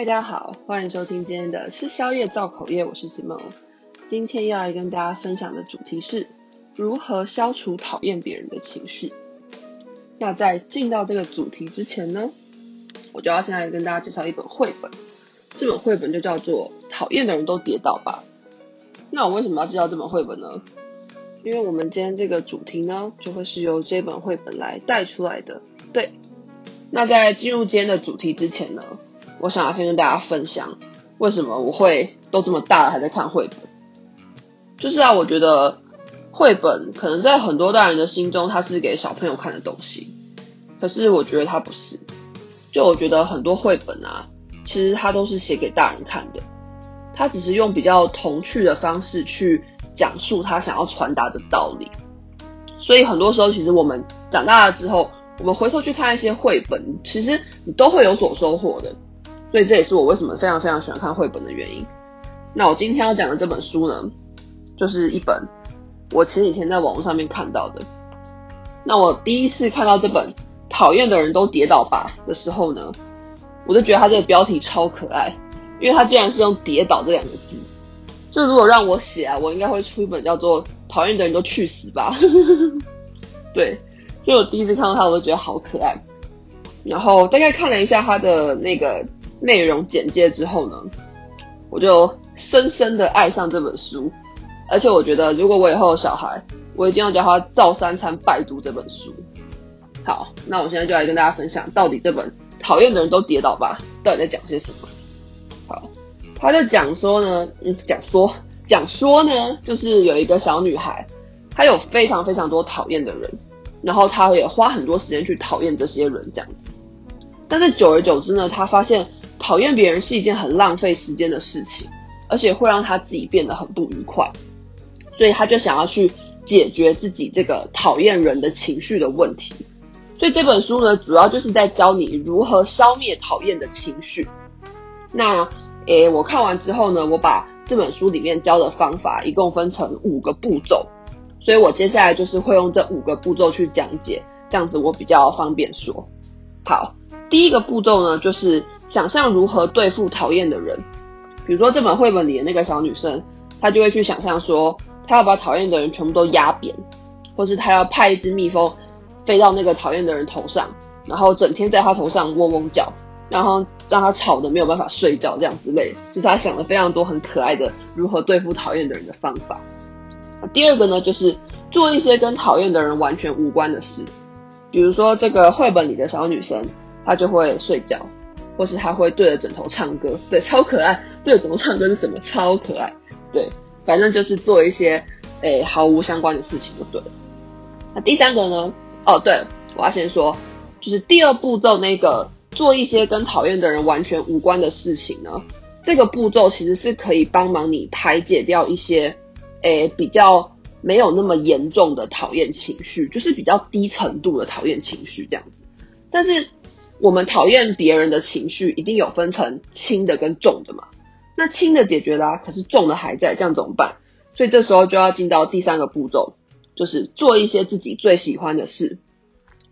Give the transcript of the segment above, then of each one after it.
大家好，歡迎收聽今天的吃宵夜造口業，我是 Simon。今天要來跟大家分享的主題是如何消除討厭別人的情緒。那在進到這個主題之前呢，我就要先來跟大家介紹一本繪本。這本繪本就叫做《討厭的人都跌倒吧》。那我為什麼要介紹這本繪本呢？因為我們今天這個主題呢，就會是由這本繪本來帶出來的。對。那在進入今天的主題之前呢，我想要先跟大家分享，為什麼我會都這麼大了還在看繪本？就是啊，我覺得繪本可能在很多大人的心中，它是給小朋友看的東西。可是我覺得它不是，就我覺得很多繪本啊，其實它都是寫給大人看的。它只是用比較童趣的方式去講述他想要傳達的道理。所以很多時候，其實我們長大了之後，我們回頭去看一些繪本，其實你都會有所收穫的。所以這也是我為什麼非常非常喜歡看繪本的原因。那我今天要講的這本書呢，就是一本我前幾天在網絡上面看到的。那我第一次看到這本《討厭的人都跌倒吧》的時候呢，我就覺得它這個標題超可愛，因為它竟然是用“跌倒”這兩個字。就如果讓我寫啊，我應該會出一本叫做《討厭的人都去死吧。》 對，所以我第一次看到它，我就覺得好可愛。然後大概看了一下它的那個。內容簡介之後呢，我就深深的愛上這本書，而且我覺得如果我以後有小孩，我一定要叫他照三餐拜讀這本書。好，那我現在就來跟大家分享到底這本《討厭的人都跌倒吧》到底在講些什麼。好，他就講說呢，嗯，講說講說呢，就是有一個小女孩，她有非常非常多討厭的人，然後她也花很多時間去討厭這些人這樣子，但是久而久之呢，她發現。討厭別人是一件很浪費時間的事情，而且會讓他自己變得很不愉快，所以他就想要去解決自己這個討厭人的情緒的問題。所以這本書呢，主要就是在教你如何消滅討厭的情緒。那，誒，我看完之後呢，我把這本書裡面教的方法一共分成五個步驟，所以我接下來就是會用這五個步驟去講解，這樣子我比較方便說。好，第一個步驟呢，就是，想象如何對付討厭的人，比如說這本繪本裡的那個小女生，她就會去想象說，她要把討厭的人全部都壓扁，或是她要派一隻蜜蜂飛到那個討厭的人頭上，然後整天在她頭上嗡嗡叫，然後讓她吵得沒有辦法睡覺，這樣之類的，就是她想了非常多很可愛的如何對付討厭的人的方法。第二個呢，就是做一些跟討厭的人完全無關的事，比如說這個繪本裡的小女生，她就會睡覺。或是他會對着枕頭唱歌，對，超可愛。對着枕頭唱歌是什麼？超可愛。對，反正就是做一些誒毫無相關的事情就對了。那第三個呢？哦，對，我要先說，就是第二步驟那個做一些跟討厭的人完全無關的事情呢，這個步驟其實是可以幫忙你排解掉一些誒比較沒有那麼嚴重的討厭情緒，就是比較低程度的討厭情緒這樣子。但是。我們討厭別人的情緒，一定有分成輕的跟重的嘛。那輕的解決啦，啊，可是重的還在，這樣怎麼辦？所以這時候就要進到第三個步驟，就是做一些自己最喜歡的事。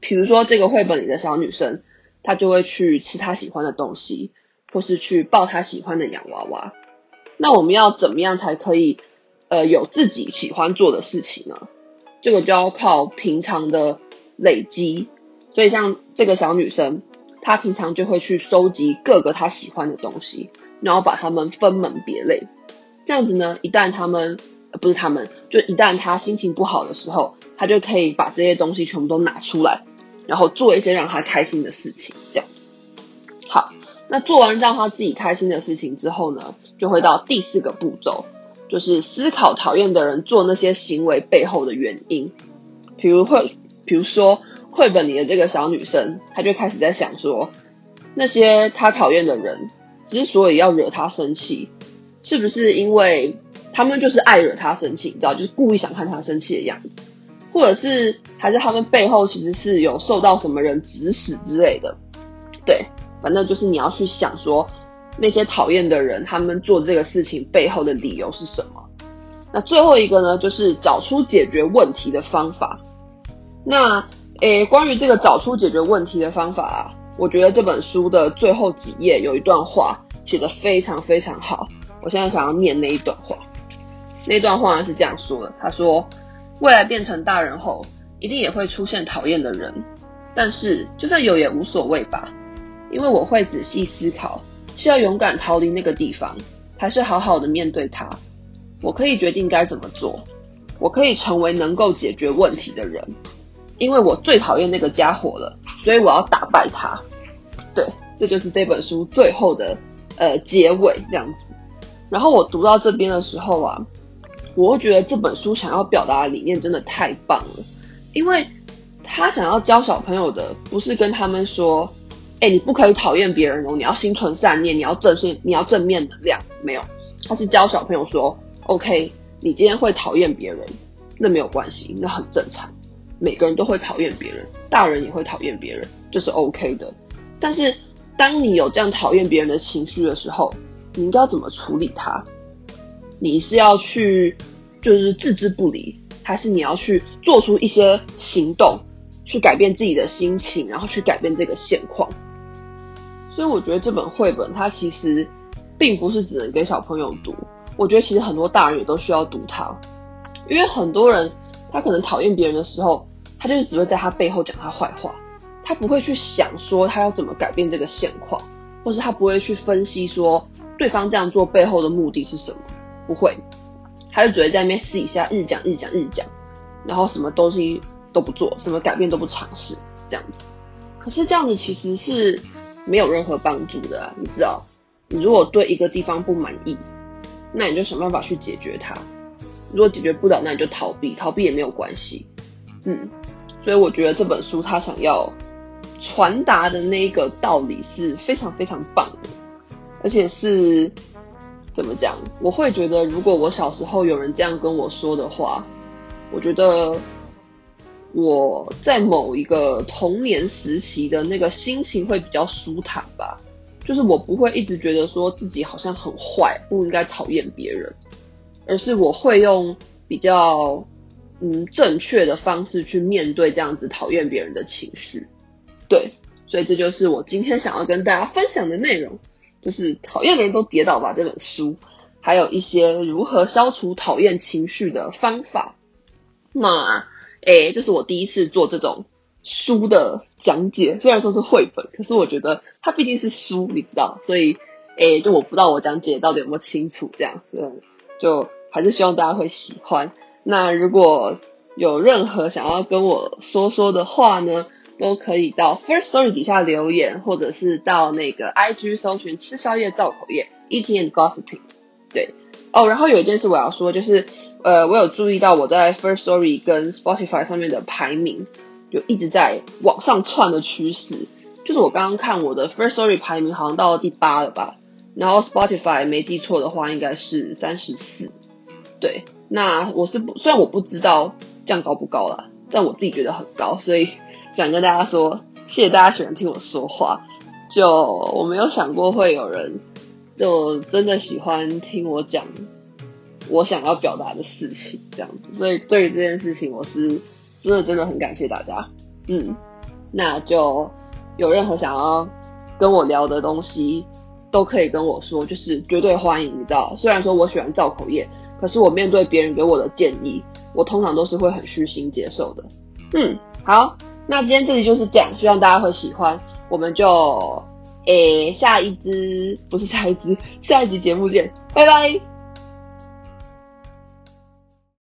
比如說這個繪本裡的小女生，她就會去吃她喜歡的東西，或是去抱她喜歡的洋娃娃。那我們要怎麼樣才可以，呃，有自己喜歡做的事情呢？這個就要靠平常的累積。所以像這個小女生。他平常就會去收集各個他喜歡的東西，然後把它們分門別類。這樣子呢，一旦他們，呃，不是他們，就一旦他心情不好的時候，他就可以把這些東西全部都拿出來，然後做一些讓他開心的事情。這樣子，好，那做完讓他自己開心的事情之後呢，就會到第四個步驟，就是思考討厭的人做那些行為背後的原因，比如會，比如說。繪本裡的這個小女生，她就開始在想說，那些她討厭的人之所以要惹她生氣，是不是因為他們就是愛惹她生氣？你知道，就是故意想看她生氣的樣子，或者是還是他們背後其實是有受到什麼人指使之類的。對，反正就是你要去想說，那些討厭的人他們做這個事情背後的理由是什麼。那最後一個呢，就是找出解決問題的方法。那。誒、欸，關於這個找出解決問題的方法，啊，我覺得這本書的最後幾頁有一段話寫得非常非常好。我現在想要念那一段話，那段話是這樣說的：他說，未來變成大人後，一定也會出現討厭的人，但是就算有也無所謂吧，因為我會仔細思考是要勇敢逃離那個地方，還是好好的面對他。我可以決定該怎麼做，我可以成為能夠解決問題的人。因為我最討厭那個家伙了，所以我要打敗他。對，這就是這本書最後的呃結尾這樣子。然後我讀到這邊的時候啊，我會覺得這本書想要表達的理念真的太棒了。因為他想要教小朋友的，不是跟他們說，哎、欸，你不可以討厭別人哦，你要心存善念，你要正信，你要正面能量。沒有，他是教小朋友說，OK，你今天會討厭別人，那沒有關係，那很正常。每個人都會討厭別人，大人也會討厭別人，這是 OK 的。但是，當你有這樣討厭別人的情緒的時候，你應該要怎麼處理它？你是要去就是置之不理，還是你要去做出一些行動，去改變自己的心情，然後去改變這個現況？所以，我覺得這本繪本它其實並不是只能給小朋友讀，我覺得其實很多大人也都需要讀它，因為很多人。他可能討厭別人的時候，他就是只會在他背後講他壞話，他不會去想說他要怎麼改變這個現況，或是他不會去分析說對方這樣做背後的目的是什麼，不會，他就只會在那邊私底下日講日講日講，然後什麼東西都不做，什麼改變都不嘗試這樣子。可是這樣子其實是沒有任何幫助的啊，你知道，你如果對一個地方不滿意，那你就想辦法去解決它。如果解決不了，那你就逃避，逃避也沒有關係。嗯，所以我覺得這本書他想要傳達的那一個道理是非常非常棒的，而且是怎麼講？我會覺得，如果我小時候有人這樣跟我說的話，我覺得我在某一個童年時期的那個心情會比較舒坦吧，就是我不會一直覺得說自己好像很壞，不應該討厭別人。而是我會用比較嗯正確的方式去面對這樣子討厭別人的情緒，對，所以這就是我今天想要跟大家分享的內容，就是《討厭的人都跌倒吧》這本書，還有一些如何消除討厭情緒的方法。那誒，這是我第一次做這種書的講解，雖然說是繪本，可是我覺得它畢竟是書，你知道，所以誒，就我不知道我講解到底有沒有清楚，這樣子就。還是希望大家會喜歡。那如果有任何想要跟我說說的話呢，都可以到 First Story 底下留言，或者是到那個 IG 搜尋“吃宵夜造口業 Eating and Gossiping”。 ing, 對哦，然後有一件事我要說，就是呃，我有注意到我在 First Story 跟 Spotify 上面的排名就一直在往上竄的趨勢。就是我剛剛看我的 First Story 排名好像到了第八了吧，然後 Spotify 沒記錯的話應該是三十四。對，那我是不，雖然我不知道這樣高不高啦，但我自己覺得很高，所以想跟大家說，謝謝大家喜歡聽我說話。就我沒有想過會有人，就真的喜歡聽我講我想要表達的事情這樣子，所以對於這件事情，我是真的真的很感謝大家。嗯，那就有任何想要跟我聊的東西。都可以跟我說，就是絕對歡迎你知道，雖然說我喜歡造口業，可是我面對別人給我的建議，我通常都是會很虛心接受的。嗯，好，那今天這裡就是這樣，希望大家會喜歡。我們就，誒、欸，下一支不是下一支，下一集節目見，拜拜。